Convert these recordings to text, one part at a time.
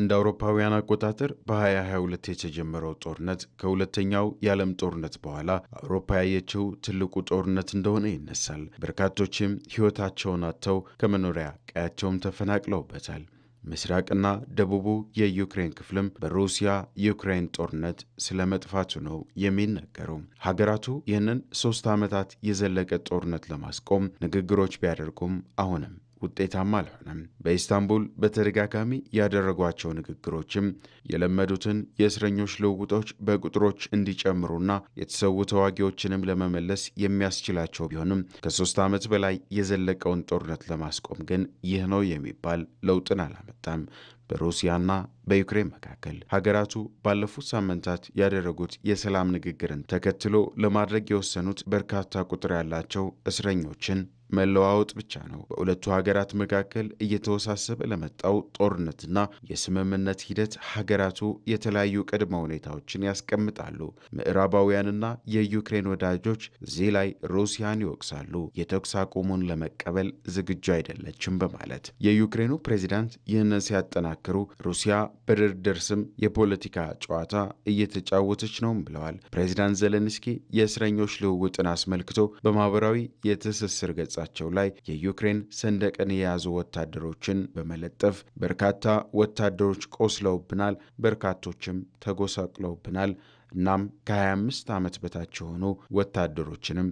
እንደ አውሮፓውያን አቆጣጠር በ2022 የተጀመረው ጦርነት ከሁለተኛው የዓለም ጦርነት በኋላ አውሮፓ ያየችው ትልቁ ጦርነት እንደሆነ ይነሳል። በርካቶችም ሕይወታቸውን አጥተው ከመኖሪያ ቀያቸውም ተፈናቅለውበታል። ምስራቅና ደቡቡ የዩክሬን ክፍልም በሩሲያ ዩክሬን ጦርነት ስለ መጥፋቱ ነው የሚነገረው። ሀገራቱ ይህንን ሶስት ዓመታት የዘለቀ ጦርነት ለማስቆም ንግግሮች ቢያደርጉም አሁንም ውጤታማ አልሆነም። በኢስታንቡል በተደጋጋሚ ያደረጓቸው ንግግሮችም የለመዱትን የእስረኞች ልውውጦች በቁጥሮች እንዲጨምሩና የተሰዉ ተዋጊዎችንም ለመመለስ የሚያስችላቸው ቢሆንም ከሶስት ዓመት በላይ የዘለቀውን ጦርነት ለማስቆም ግን ይህ ነው የሚባል ለውጥን አላመጣም። በሩሲያና በዩክሬን መካከል ሀገራቱ ባለፉት ሳምንታት ያደረጉት የሰላም ንግግርን ተከትሎ ለማድረግ የወሰኑት በርካታ ቁጥር ያላቸው እስረኞችን መለዋወጥ ብቻ ነው። በሁለቱ ሀገራት መካከል እየተወሳሰበ ለመጣው ጦርነትና የስምምነት ሂደት ሀገራቱ የተለያዩ ቅድመ ሁኔታዎችን ያስቀምጣሉ። ምዕራባውያንና የዩክሬን ወዳጆች እዚህ ላይ ሩሲያን ይወቅሳሉ። የተኩስ አቁሙን ለመቀበል ዝግጁ አይደለችም በማለት የዩክሬኑ ፕሬዚዳንት ይህንን ሲያጠናክሩ ሩሲያ በድርድር ስም የፖለቲካ ጨዋታ እየተጫወተች ነውም ብለዋል። ፕሬዚዳንት ዘለንስኪ የእስረኞች ልውውጥን አስመልክቶ በማህበራዊ የትስስር ገጽ ገጻቸው ላይ የዩክሬን ሰንደቅን የያዙ ወታደሮችን በመለጠፍ በርካታ ወታደሮች ቆስለውብናል፣ በርካቶችም ተጎሳቅለውብናል እናም ከ25 ዓመት በታች የሆኑ ወታደሮችንም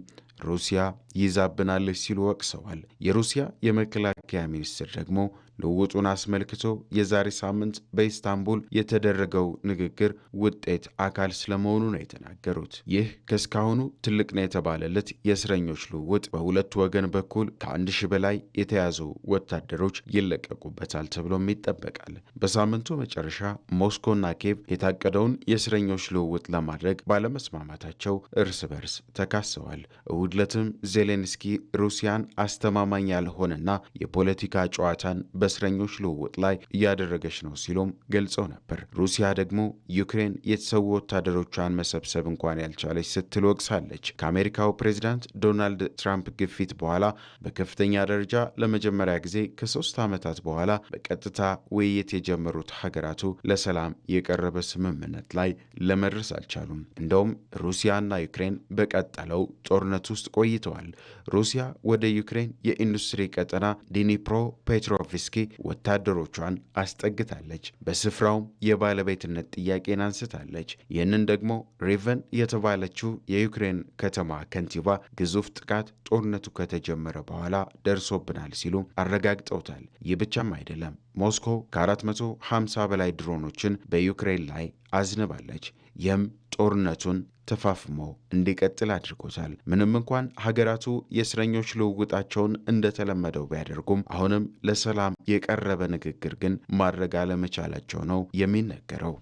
ሩሲያ ይዛብናለች ሲሉ ወቅሰዋል። የሩሲያ የመከላከያ ሚኒስትር ደግሞ ልውጡን አስመልክቶ የዛሬ ሳምንት በኢስታንቡል የተደረገው ንግግር ውጤት አካል ስለመሆኑ ነው የተናገሩት። ይህ ከእስካሁኑ ትልቅ ነው የተባለለት የእስረኞች ልውውጥ በሁለቱ ወገን በኩል ከአንድ ሺህ በላይ የተያዙ ወታደሮች ይለቀቁበታል ተብሎም ይጠበቃል። በሳምንቱ መጨረሻ ሞስኮና ኬቭ የታቀደውን የእስረኞች ልውውጥ ለውጥ ለማድረግ ባለመስማማታቸው እርስ በርስ ተካሰዋል። እሁድ ዕለትም ዜሌንስኪ ሩሲያን አስተማማኝ ያልሆነና የፖለቲካ ጨዋታን በእስረኞች ልውውጥ ላይ እያደረገች ነው ሲሉም ገልጸው ነበር። ሩሲያ ደግሞ ዩክሬን የተሰዉ ወታደሮቿን መሰብሰብ እንኳን ያልቻለች ስትል ወቅሳለች። ከአሜሪካው ፕሬዚዳንት ዶናልድ ትራምፕ ግፊት በኋላ በከፍተኛ ደረጃ ለመጀመሪያ ጊዜ ከሶስት ዓመታት በኋላ በቀጥታ ውይይት የጀመሩት ሀገራቱ ለሰላም የቀረበ ስምምነት ላይ ለመድረስ አልቻሉም። እንደውም ሩሲያና ዩክሬን በቀጠለው ጦርነት ውስጥ ቆይተዋል። ሩሲያ ወደ ዩክሬን የኢንዱስትሪ ቀጠና ዲኒፕሮ ፔትሮቭስኪ ወታደሮቿን አስጠግታለች። በስፍራውም የባለቤትነት ጥያቄን አንስታለች። ይህንን ደግሞ ሪቨን የተባለችው የዩክሬን ከተማ ከንቲባ ግዙፍ ጥቃት ጦርነቱ ከተጀመረ በኋላ ደርሶብናል ሲሉ አረጋግጠውታል። ይህ ብቻም አይደለም ሞስኮ ከ450 በላይ ድሮኖችን በዩክሬን ላይ አዝንባለች። ይህም ጦርነቱን ተፋፍሞ እንዲቀጥል አድርጎታል። ምንም እንኳን ሀገራቱ የእስረኞች ልውውጣቸውን እንደተለመደው ቢያደርጉም አሁንም ለሰላም የቀረበ ንግግር ግን ማድረግ አለመቻላቸው ነው የሚነገረው።